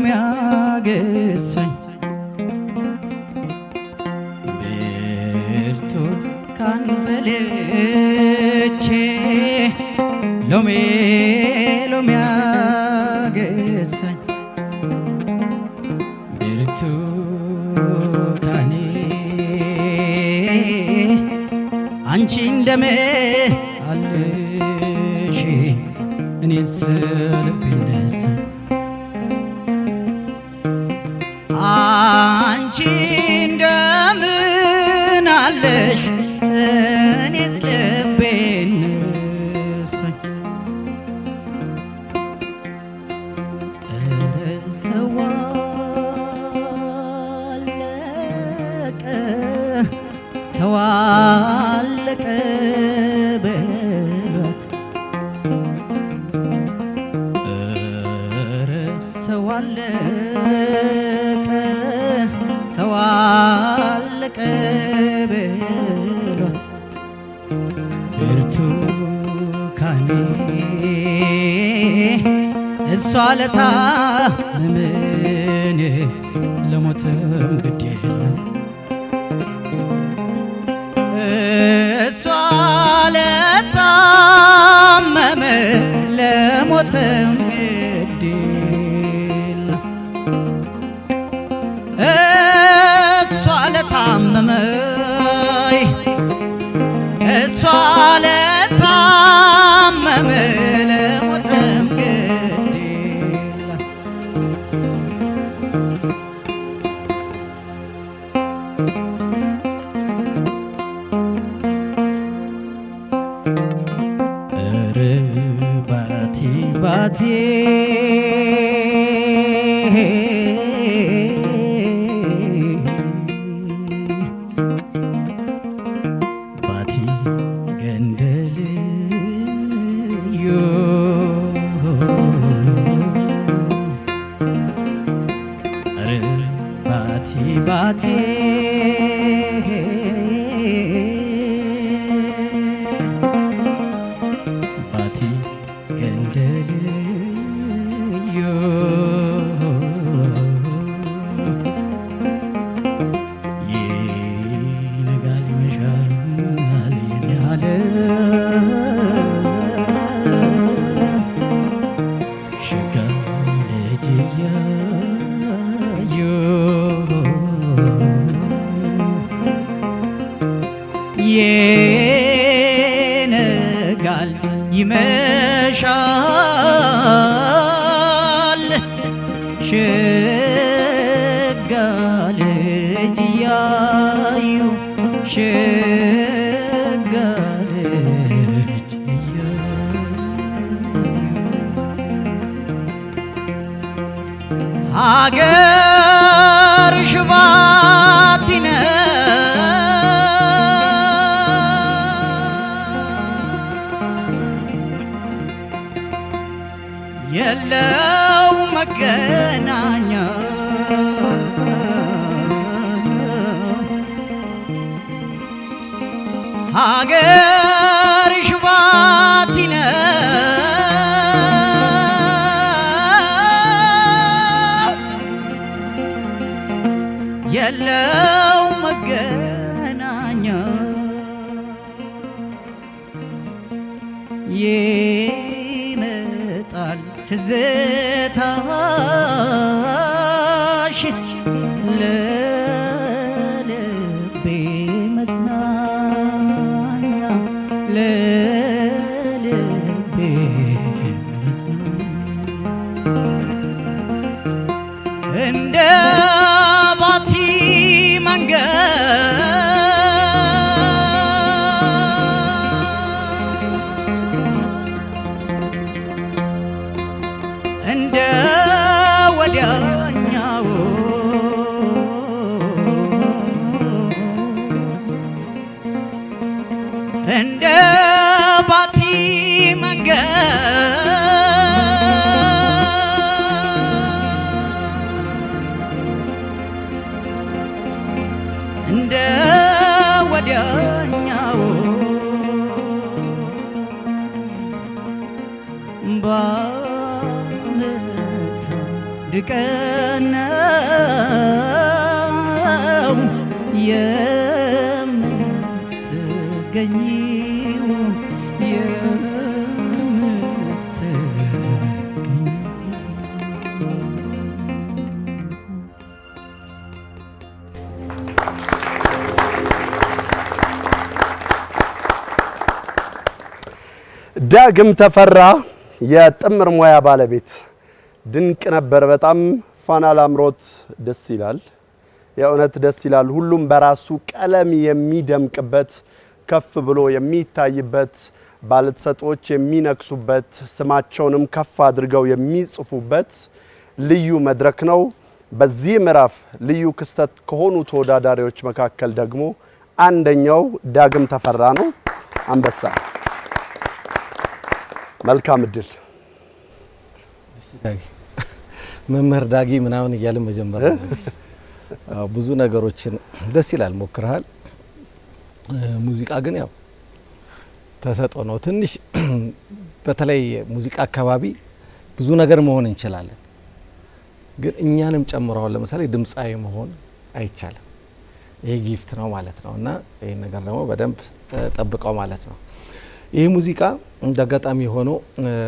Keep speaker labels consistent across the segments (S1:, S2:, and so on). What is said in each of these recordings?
S1: dünyaya gitsen Bir tut kan beleçe Lome lomea gitsen Bir tut kani Ançin deme alışi Nisi ሰው አለቀ ሰው በእሷ ለታመሜ ለሞትም ግድ እሷ ለታመመ ለሞትም ግድ እሷ ለታመመ እሷ ለታ Thank you. ባቲ ባቲ ባቲ ገንደልዮ ይነጋል ይመሻል ያለ ሸጋ ልጅ ይነጋል ይመሻል ሸጋ ልጅ እያዩ ሸጋ ልጅ እያዩ ሀገርሽ ባቲነ የለው መገናኛ ይመጣል ትዝታ እንደ ባቲ መንገድ እንደ ወዲያኛው ባለት ድቀነው የምትገኝ
S2: ዳግም ተፈራ የጥምር ሙያ ባለቤት ድንቅ ነበር። በጣም ፋና ላምሮት ደስ ይላል፣ የእውነት ደስ ይላል። ሁሉም በራሱ ቀለም የሚደምቅበት ከፍ ብሎ የሚታይበት ባለተሰጦች የሚነክሱበት ስማቸውንም ከፍ አድርገው የሚጽፉበት ልዩ መድረክ ነው። በዚህ ምዕራፍ ልዩ ክስተት ከሆኑ ተወዳዳሪዎች መካከል ደግሞ አንደኛው ዳግም ተፈራ ነው። አንበሳ መልካም እድል
S3: መምህር ዳጊ ምናምን እያልን መጀመር ብዙ ነገሮችን ደስ ይላል ሞክረሃል። ሙዚቃ ግን ያው ተሰጦ ነው። ትንሽ በተለይ ሙዚቃ አካባቢ ብዙ ነገር መሆን እንችላለን፣ ግን እኛንም ጨምረዋል። ለምሳሌ ድምፃዊ መሆን አይቻልም። ይሄ ጊፍት ነው ማለት ነው እና ይህን ነገር ደግሞ በደንብ ጠብቀው ማለት ነው። ይህ ሙዚቃ እንደ አጋጣሚ ሆኖ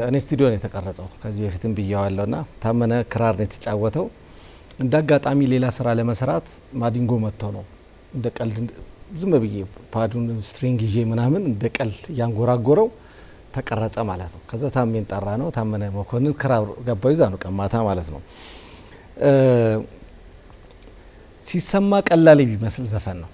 S3: እኔ ስቱዲዮ ነው የተቀረጸው። ከዚህ በፊትም ብያዋለሁና ታመነ ክራር ነው የተጫወተው። እንደ አጋጣሚ ሌላ ስራ ለመስራት ማዲንጎ መጥቶ ነው እንደ ቀልድ ዝም ብዬ ፓዱን ስትሪንግ ይዤ ምናምን እንደ ቀልድ ያንጎራጎረው ተቀረጸ ማለት ነው። ከዛ ታሜን ጠራ ነው ታመነ መኮንን ክራር ገባዩ ዛ ነው ቀማታ ማለት ነው። ሲሰማ ቀላል የሚመስል ዘፈን ነው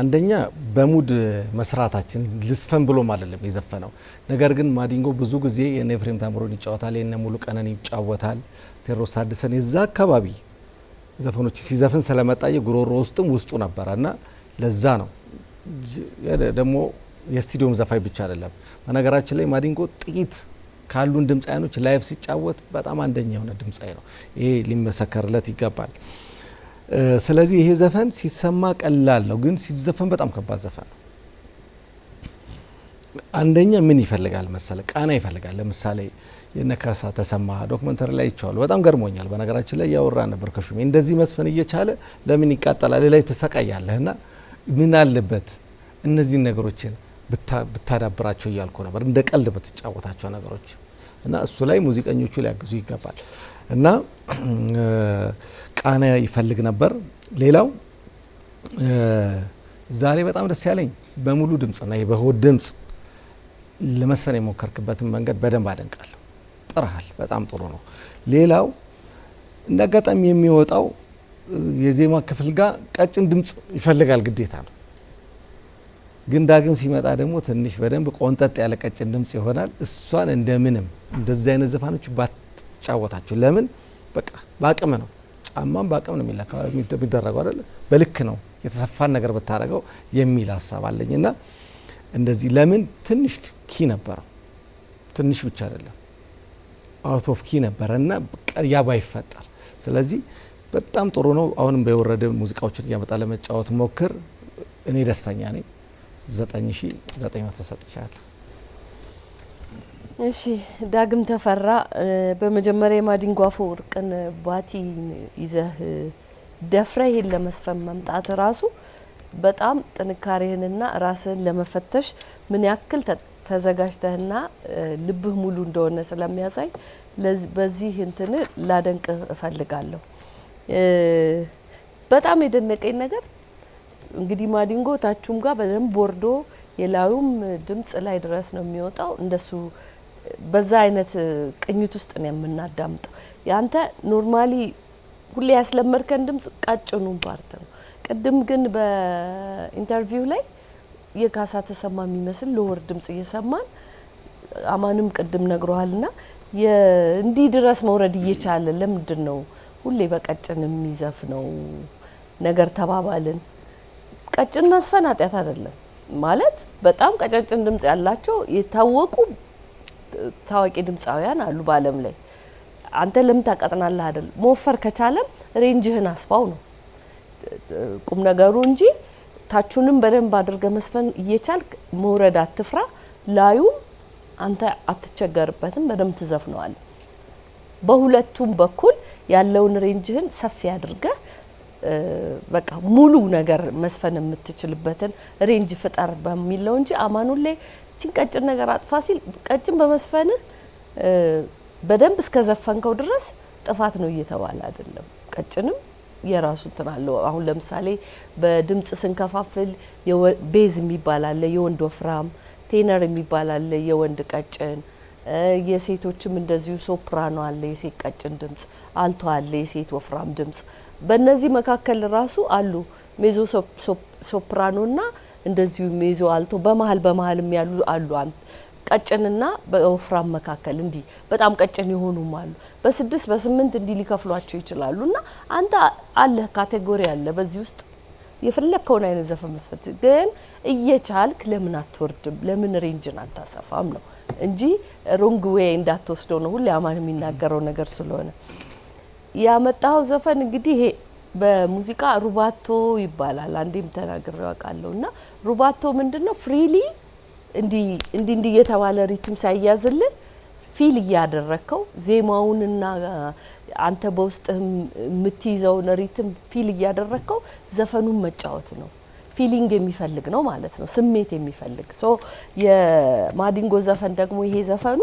S3: አንደኛ በሙድ መስራታችን ልስፈን ብሎም አይደለም የዘፈነው። ነገር ግን ማዲንጎ ብዙ ጊዜ የነ ኤፍሬም ታምሮን ይጫወታል፣ የነ ሙሉ ቀነን ይጫወታል፣ ቴዎድሮስ ታደሰን የዛ አካባቢ ዘፈኖች ሲዘፍን ስለመጣ የጉሮሮ ውስጥም ውስጡ ነበረ እና ለዛ ነው ደግሞ የስቱዲዮም ዘፋኝ ብቻ አይደለም። በነገራችን ላይ ማዲንጎ ጥቂት ካሉን ድምፃያኖች ላይፍ ሲጫወት በጣም አንደኛ የሆነ ድምፃይ ነው። ይሄ ሊመሰከርለት ይገባል። ስለዚህ ይሄ ዘፈን ሲሰማ ቀላል ነው፣ ግን ሲዘፈን በጣም ከባድ ዘፈን ነው። አንደኛ ምን ይፈልጋል መሰለ ቃና ይፈልጋል። ለምሳሌ የነካሳ ተሰማ ዶክመንተሪ ላይ ይቸዋሉ። በጣም ገርሞኛል። በነገራችን ላይ ያወራ ነበር ከሹሜ እንደዚህ መስፈን እየቻለ ለምን ይቃጠላል ላይ ትሰቃያለህ እና ምን አለበት እነዚህን ነገሮችን ብታዳብራቸው እያልኩ ነበር። እንደ ቀልድ ብትጫወታቸው ነገሮች እና እሱ ላይ ሙዚቀኞቹ ሊያግዙ ይገባል እና ቃነ ይፈልግ ነበር። ሌላው ዛሬ በጣም ደስ ያለኝ በሙሉ ና በሆድ ድምፅ ለመስፈን የሞከርክበትን መንገድ በደንብ አደንቃለሁ። ጥረሃል፣ በጣም ጥሩ ነው። ሌላው እንደ አጋጣሚ የሚወጣው የዜማ ክፍል ጋር ቀጭን ድምፅ ይፈልጋል፣ ግዴታ ነው። ግን ዳግም ሲመጣ ደግሞ ትንሽ በደንብ ቆንጠጥ ያለ ቀጭን ድምፅ ይሆናል። እሷን እንደምንም እንደዚህ አይነት ዘፋኖች ባትጫወታችሁ ለምን? በቃ በአቅም ነው ጫማም በአቅም ነው የሚደረገው አይደለ? በልክ ነው የተሰፋን ነገር ብታደረገው የሚል ሀሳብ አለኝ እና እንደዚህ ለምን ትንሽ ኪ ነበረው ትንሽ ብቻ አይደለም አውት ኦፍ ኪ ነበረ እና ያ ባይፈጠር ስለዚህ በጣም ጥሩ ነው። አሁንም በወረደ ሙዚቃዎችን እያመጣ ለመጫወት ሞክር። እኔ ደስተኛ ነኝ። ዘጠኝ ሺ ዘጠኝ መቶ ሰጥቻለሁ።
S4: እሺ ዳግም ተፈራ፣ በመጀመሪያ የማዲንጎ አፈወርቅን ባቲን ይዘህ ደፍረ ይህን ለመስፈን መምጣት ራሱ በጣም ጥንካሬህንና ራስህን ለመፈተሽ ምን ያክል ተዘጋጅተህና ልብህ ሙሉ እንደሆነ ስለሚያሳይ በዚህ እንትን ላደንቅ እፈልጋለሁ። በጣም የደነቀኝ ነገር እንግዲህ ማዲንጎ ታችሁም ጋር በደንብ ቦርዶ የላዩም ድምጽ ላይ ድረስ ነው የሚወጣው እንደሱ በዛ አይነት ቅኝት ውስጥ ነው የምናዳምጠው። ያንተ ኖርማሊ ሁሌ ያስለመድከን ድምፅ ቀጭኑን ፓርት ነው። ቅድም ግን በኢንተርቪው ላይ የካሳ ተሰማ የሚመስል ሎወር ድምፅ እየሰማን አማንም ቅድም ነግረዋልና እንዲህ ድረስ መውረድ እየቻለ ለምንድን ነው ሁሌ በቀጭን የሚዘፍ ነው ነገር ተባባልን። ቀጭን መስፈን ኃጢአት አይደለም ማለት በጣም ቀጫጭን ድምጽ ያላቸው የታወቁ ታዋቂ ድምፃውያን አሉ በአለም ላይ። አንተ ለምን ታቀጥናለህ? አይደል መወፈር ከቻለም ሬንጅህን አስፋው ነው ቁም ነገሩ እንጂ ታቹንም በደንብ አድርገ መስፈን እየቻልክ መውረድ አትፍራ። ላዩም አንተ አትቸገርበትም፣ በደንብ ትዘፍነዋል። በሁለቱም በኩል ያለውን ሬንጅህን ሰፊ አድርገ በቃ ሙሉ ነገር መስፈን የምትችልበትን ሬንጅ ፍጠር በሚለው እንጂ አማኑሌ እችን ቀጭን ነገር አጥፋ ሲል ቀጭን በመስፈንህ በደንብ እስከ ዘፈንከው ድረስ ጥፋት ነው እየተባለ አይደለም። ቀጭንም የራሱ እንትን አለው። አሁን ለምሳሌ በድምጽ ስንከፋፍል ቤዝ የሚባል አለ፣ የወንድ ወፍራም፣ ቴነር የሚባል አለ፣ የወንድ ቀጭን የሴቶችም እንደዚሁ ሶፕራኖ አለ የሴት ቀጭን ድምጽ፣ አልቶ አለ የሴት ወፍራም ድምጽ። በእነዚህ መካከል ራሱ አሉ ሜዞ ሶፕራኖ ና እንደዚሁ የሚይዘው አልቶ በመሀል በመሀልም ያሉ አሉ ቀጭንና በወፍራም መካከል እንዲህ በጣም ቀጭን የሆኑም አሉ። በስድስት በስምንት እንዲህ ሊከፍሏቸው ይችላሉ። እና አንተ አለህ ካቴጎሪ አለ በዚህ ውስጥ የፈለግከውን አይነት ዘፈን መስፈት ግን እየቻልክ ለምን አትወርድም? ለምን ሬንጅን አታሰፋም ነው እንጂ ሮንግ ዌይ እንዳትወስደው ነው ሁሌ አማን የሚናገረው ነገር ስለሆነ ያመጣኸው ዘፈን እንግዲህ ይሄ በሙዚቃ ሩባቶ ይባላል። አንዴም ተናግሬ አውቃለሁ። እና ሩባቶ ምንድን ነው? ፍሪሊ እንዲህ እንዲህ እየተባለ ሪትም ሳይያዝልን ፊል እያደረግከው ዜማውንና አንተ በውስጥህም የምትይዘውን ሪትም ፊል እያደረግከው ዘፈኑን መጫወት ነው። ፊሊንግ የሚፈልግ ነው ማለት ነው፣ ስሜት የሚፈልግ ሶ የማዲንጎ ዘፈን ደግሞ ይሄ ዘፈኑ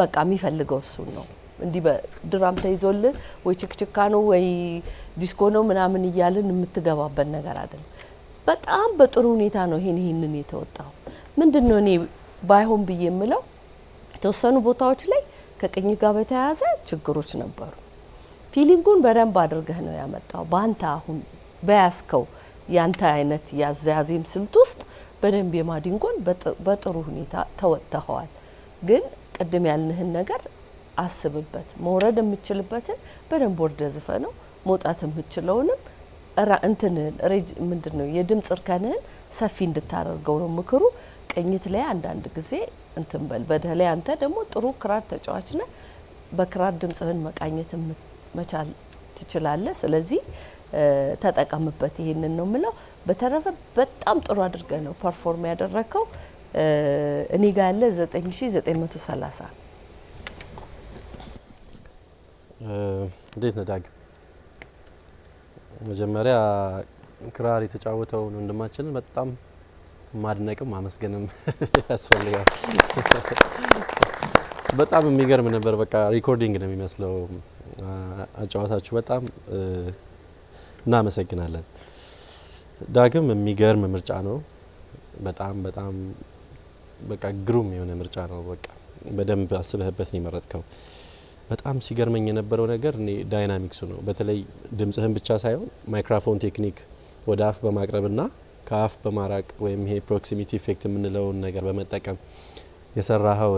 S4: በቃ የሚፈልገው እሱን ነው። እንዲህ በድራም ተይዞልህ ወይ ችክችካ ነው ወይ ዲስኮ ነው ምናምን እያልን የምትገባበት ነገር አይደለም። በጣም በጥሩ ሁኔታ ነው ይሄን ይሄንን የተወጣው። ምንድን ነው እኔ ባይሆን ብዬ የምለው የተወሰኑ ቦታዎች ላይ ከቅኝ ጋር በተያያዘ ችግሮች ነበሩ። ፊሊንጉን በደንብ አድርገህ ነው ያመጣው። በአንተ አሁን በያዝከው ያንተ አይነት ያዘያዜም ስልት ውስጥ በደንብ የማዲንጎን በጥሩ ሁኔታ ተወጥተኸዋል። ግን ቅድም ያልንህን ነገር አስብበት። መውረድ የምችልበትን በደንብ ወርደ ነው መውጣት የምችለውንም እንትንህን ሬጅ ምንድን ነው የድምፅ እርከንህን ሰፊ እንድታደርገው ነው ምክሩ። ቅኝት ላይ አንዳንድ ጊዜ እንትን በል። በተለይ አንተ ደግሞ ጥሩ ክራር ተጫዋች ነህ፣ በክራር ድምፅህን መቃኘት መቻል ትችላለህ። ስለዚህ ተጠቀምበት። ይሄንን ነው ምለው። በተረፈ በጣም ጥሩ አድርገህ ነው ፐርፎርም ያደረከው። እኔ ጋ ያለ 9930
S5: እንዴት ነህ ዳግም? መጀመሪያ ክራር የተጫወተውን ወንድማችንን በጣም ማድነቅም አመስገንም ያስፈልጋል። በጣም የሚገርም ነበር። በቃ ሪኮርዲንግ ነው የሚመስለው አጫዋታችሁ። በጣም እናመሰግናለን። ዳግም የሚገርም ምርጫ ነው። በጣም በጣም በቃ ግሩም የሆነ ምርጫ ነው። በቃ በደንብ አስበህበት ነው የመረጥከው። በጣም ሲገርመኝ የነበረው ነገር እኔ ዳይናሚክሱ ነው። በተለይ ድምጽህን ብቻ ሳይሆን ማይክራፎን ቴክኒክ ወደ አፍ በማቅረብና ከአፍ በማራቅ ወይም ይሄ ፕሮክሲሚቲ ኢፌክት የምንለውን ነገር በመጠቀም የሰራኸው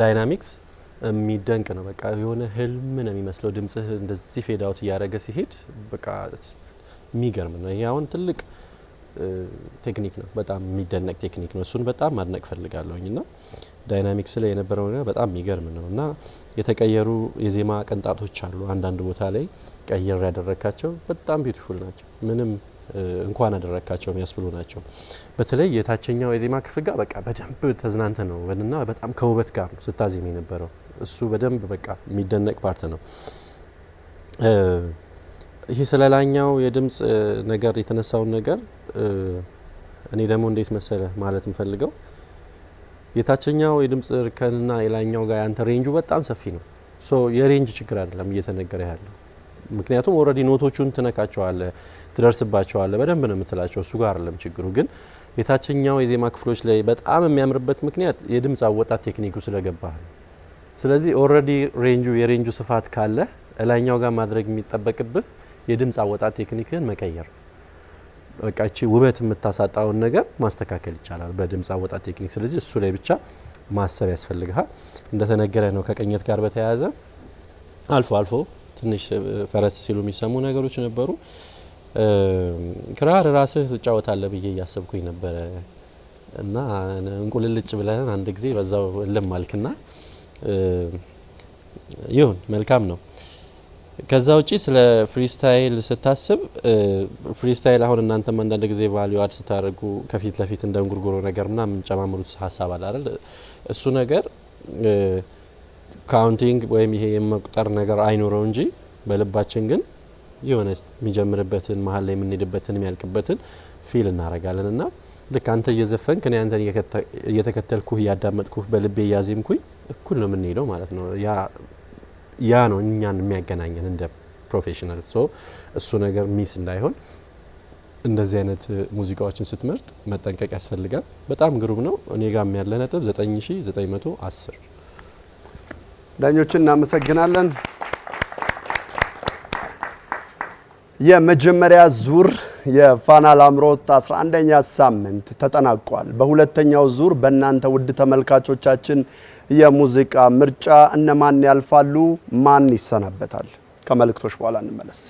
S5: ዳይናሚክስ የሚደንቅ ነው። በቃ የሆነ ህልም ነው የሚመስለው ድምጽህ እንደዚህ ፌድ አውት እያደረገ ሲሄድ በቃ የሚገርም ነው። ይሄ አሁን ትልቅ ቴክኒክ ነው። በጣም የሚደነቅ ቴክኒክ ነው። እሱን በጣም ማድነቅ ፈልጋለሁኝ ና ዳይናሚክስ ላይ የነበረው ነገር በጣም የሚገርም ነው እና የተቀየሩ የዜማ ቅንጣቶች አሉ። አንዳንድ ቦታ ላይ ቀየር ያደረካቸው በጣም ቢዩቲፉል ናቸው። ምንም እንኳን አደረካቸው የሚያስብሉ ናቸው። በተለይ የታችኛው የዜማ ክፍል ጋር በቃ በደንብ ተዝናንተ ነው እና በጣም ከውበት ጋር ነው ስታዜም የነበረው። እሱ በደንብ በቃ የሚደነቅ ፓርት ነው። ይሄ ስለላኛው የድምጽ ነገር የተነሳውን ነገር እኔ ደግሞ እንዴት መሰለ ማለት የምፈልገው የታችኛው የድምጽ እርከንና የላይኛው ጋር ያንተ ሬንጁ በጣም ሰፊ ነው። ሶ የሬንጅ ችግር አይደለም እየተነገረ ያለው ምክንያቱም ኦልሬዲ ኖቶቹን ትነካቸዋለ፣ ትደርስባቸዋለ፣ በደንብ ነው የምትላቸው። እሱ ጋር አይደለም ችግሩ። ግን የታችኛው የዜማ ክፍሎች ላይ በጣም የሚያምርበት ምክንያት የድምፅ አወጣት ቴክኒኩ ስለገባ ነው። ስለዚህ ኦልሬዲ ሬንጁ የሬንጁ ስፋት ካለ እላይኛው ጋር ማድረግ የሚጠበቅብህ የድምፅ አወጣት ቴክኒክን መቀየር በቃ እቺ ውበት የምታሳጣውን ነገር ማስተካከል ይቻላል በድምፅ አወጣት ቴክኒክ። ስለዚህ እሱ ላይ ብቻ ማሰብ ያስፈልግሃል። እንደተነገረ ነው። ከቅኝት ጋር በተያያዘ አልፎ አልፎ ትንሽ ፈረስ ሲሉ የሚሰሙ ነገሮች ነበሩ። ክራር ራስህ ትጫወታለህ ብዬ እያሰብኩኝ ነበረ እና እንቁልልጭ ብለን አንድ ጊዜ በዛው ልም አልክና ይሁን መልካም ነው። ከዛ ውጪ ስለ ፍሪስታይል ስታስብ ፍሪስታይል አሁን እናንተም አንዳንድ ጊዜ ቫሊዩ አድ ስታደርጉ ከፊት ለፊት እንደ እንጉርጉሮ ነገር ምና የምንጨማምሩት ሀሳብ አለ አይደል? እሱ ነገር ካውንቲንግ ወይም ይሄ የመቁጠር ነገር አይኖረው እንጂ በልባችን ግን የሆነ የሚጀምርበትን መሀል ላይ የምንሄድበትን የሚያልቅበትን ፊል እናረጋለን እና ልክ አንተ እየዘፈንክ እኔ አንተን እየተከተልኩህ እያዳመጥኩህ በልቤ እያዜምኩኝ እኩል ነው የምንሄደው ማለት ነው ያ ያ ነው እኛን የሚያገናኘን እንደ ፕሮፌሽናል። ሶ እሱ ነገር ሚስ እንዳይሆን እንደዚህ አይነት ሙዚቃዎችን ስትመርጥ መጠንቀቅ ያስፈልጋል። በጣም ግሩም ነው። እኔ ጋም ያለ ነጥብ 9910
S2: ዳኞችን እናመሰግናለን። የመጀመሪያ ዙር የፋና ላምሮት 11ኛ ሳምንት ተጠናቋል። በሁለተኛው ዙር በእናንተ ውድ ተመልካቾቻችን የሙዚቃ ምርጫ እነማን ያልፋሉ፣ ማን ይሰናበታል? ከመልእክቶች በኋላ እንመለስ።